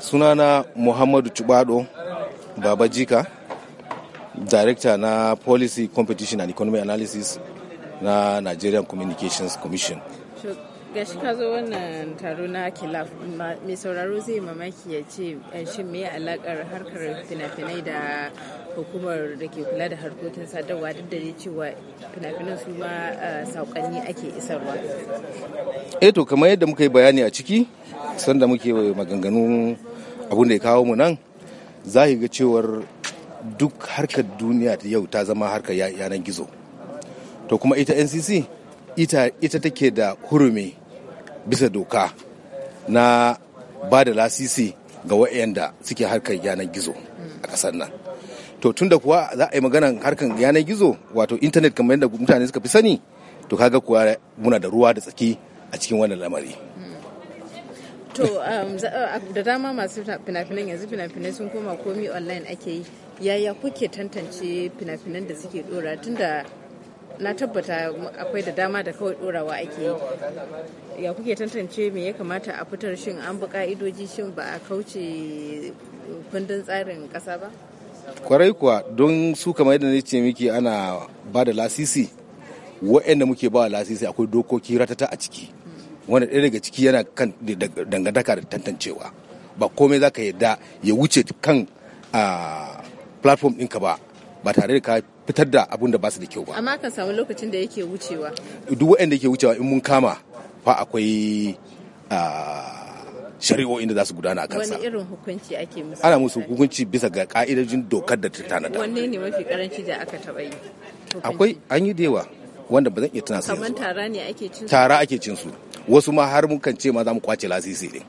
sunana muhammadu cubado baba jika director na policy competition and Economy analysis na nigerian communications commission gashi ka zo wannan taro na kilaf mai sauraro zai mamaki ya ce shi mai alakar harkar fina-finai da hukumar da ke kula da harkokin sadarwa duk da cewa fina-finan su ma saukanni ake isarwa eh to kamar yadda muka yi bayani a ciki sanda muke maganganu abun da ya kawo mu nan za ga cewar duk harkar duniya yau ta zama harkar yanar gizo to kuma ita ncc ita, ita take da hurumi bisa doka na ba da lasisi ga wa'yanda suke harkar yanar gizo a ƙasar nan to tunda kuwa za a yi maganar harkar yanar gizo wato intanet kamar yadda mutane suka fi sani to kaga kuwa muna da ruwa da tsaki a cikin wannan lamari to um, uh, da dama masu fina-finan yanzu fina-finai sun koma komi online ake yi yaya kuke tantance fina-finan da suke dora tunda na tabbata akwai da dama da kawai dorawa ake yi ya kuke tantance me ya kamata a fitar shin an bi ka'idoji shin ba a kauce kundin tsarin kasa ba kwarai kuwa don su kamar yadda na ce miki ana ba da lasisi wa'anda muke ba lasisi akwai dokoki ratata a ciki wanda ɗaya daga ciki yana kan dangantaka da tantancewa ba komai za ka yadda ya wuce kan ah, platform ɗinka ba ba tare da ka fitar da abun da ba su da kyau ba amma kan samu lokacin da yake wucewa duk waɗanda yake wucewa in mun kama fa akwai ah, shari'o'in da za su gudana a kansa. Wani irin hukunci ake musu? Ana musu hukunci bisa ga ka'idojin dokar da ta tanada. Wanne ne mafi karanci da aka taɓa yi? Akwai an yi da yawa wanda ba zan iya tuna su Kamar tara ne ake cin su? Tara ake cin su. Wasu ma har mun kan ce ma za mu kwace lasisi ne.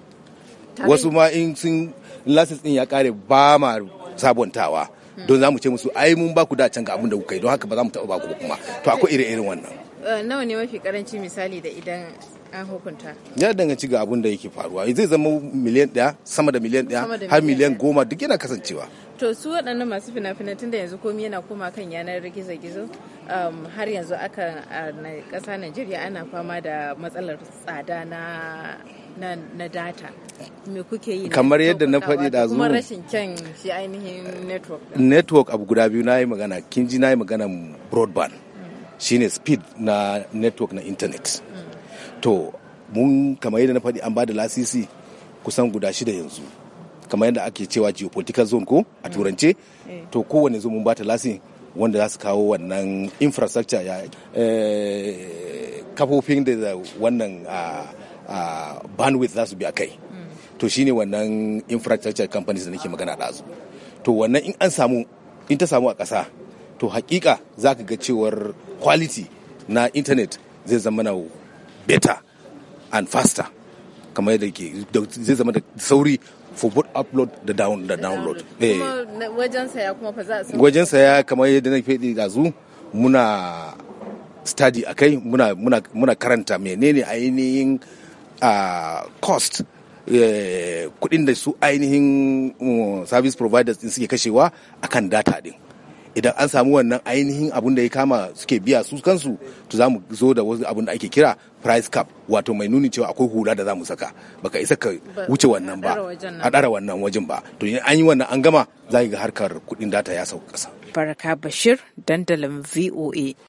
Wasu ma in sun lasis din ya kare ba ma sabontawa. don za mu ce musu ai mun ba ku da can ga abin da kuka yi don haka ba za mu taɓa ba ku ba kuma to akwai ire-iren wannan Eh, nawa ne mafi karanci misali da idan an hukunta ya danganci ga abun da yake faruwa zai zama miliyan daya sama da miliyan daya har miliyan goma duk yana kasancewa to su waɗannan masu fina-finan tunda yanzu komi yana koma kan yanar gizo-gizo um, har yanzu aka na ƙasa najeriya ana fama da matsalar tsada na na data me kuke yi kamar yadda na faɗi da zuwa kuma rashin kyan shi ainihin network network abu guda biyu na yi magana kin ji na yi magana broadband shine speed na network na internet to mun kamar yadda na faɗi an ba da lasisi kusan guda shida yanzu kamar yadda ake cewa geopolitical zone ko a mm. turance eh. to kowane zo mun ba ta lasi wanda za su kawo wannan infrastructure ya eh, kafofin da wannan bandwidth za su bi a kai mm. to shine wannan infrastructure companies da nake magana da su to wannan in an samu in ta samu a ƙasa to hakika za ka ga cewar quality na internet zai zama na better and faster kamar yadda ke zai zama da sauri for both upload da down da download eh. wajen saya kuma fa za a wajen saya kamar yadda na faɗi dazu muna study akai muna muna muna karanta menene ainihin cost eh, kudin da su ainihin mm, service providers din suke kashewa akan data din idan an samu wannan ainihin abun da ya kama suke biya su kansu to za mu zo da wasu abun da ake kira price cap wato mai nuni cewa akwai hula da za mu saka baka isa ka wuce wannan ba a ɗara wannan wajen ba to in an yi wannan an gama za ga harkar kuɗin data ya sauka ƙasa. Baraka Bashir dandalin VOA.